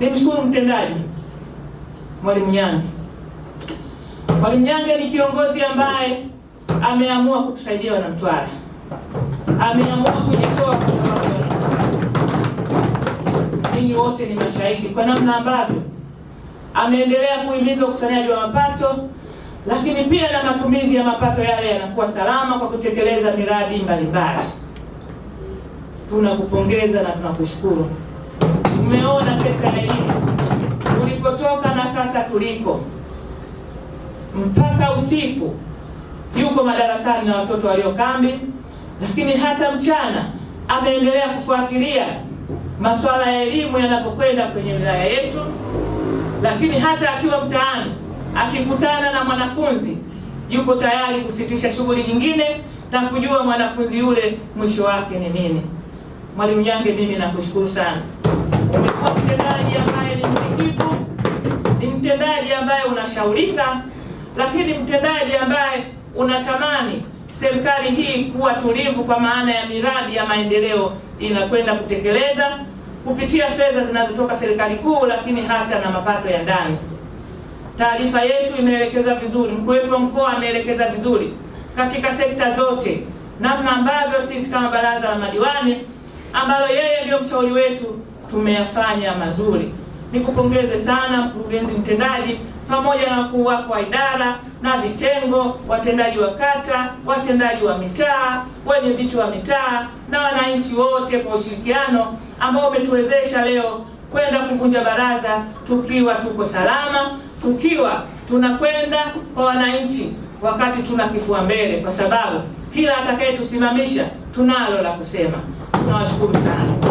Nimshukuru mtendaji Mwalimu Nyange. Mwalimu Nyange ni kiongozi ambaye ameamua kutusaidia Wanamtwara, ameamua kujitoa kwa sababu ya ninyi wote ni mashahidi kwa namna ambavyo ameendelea kuhimiza ukusanyaji wa mapato, lakini pia na matumizi ya mapato yale yanakuwa salama kwa kutekeleza miradi mbalimbali. Tunakupongeza na tunakushukuru. Umeona kuliko mpaka usiku yuko madarasani na watoto walio kambi, lakini hata mchana ameendelea kufuatilia masuala ya elimu yanapokwenda kwenye wilaya yetu, lakini hata akiwa mtaani akikutana na mwanafunzi yuko tayari kusitisha shughuli nyingine na kujua mwanafunzi yule mwisho wake ni nini. Mwalimu Nyange, mimi nakushukuru sana. hayajasahaulika, lakini mtendaji ambaye unatamani serikali hii kuwa tulivu kwa maana ya miradi ya maendeleo inakwenda kutekeleza kupitia fedha zinazotoka serikali kuu, lakini hata na mapato ya ndani. Taarifa yetu imeelekeza vizuri, mkuu wetu wa mkoa ameelekeza vizuri katika sekta zote, namna ambavyo sisi kama baraza la madiwani ambalo yeye ndio mshauri wetu tumeyafanya mazuri. Nikupongeze sana mkurugenzi mtendaji pamoja na wakuu wako wa idara na vitengo, watendaji wa kata, watendaji wa mitaa, wenye viti wa mitaa na wananchi wote kwa ushirikiano ambao umetuwezesha leo kwenda kuvunja baraza tukiwa tuko salama, tukiwa tunakwenda kwa wananchi wakati tuna kifua mbele, kwa sababu kila atakayetusimamisha tunalo la kusema. Tunawashukuru sana.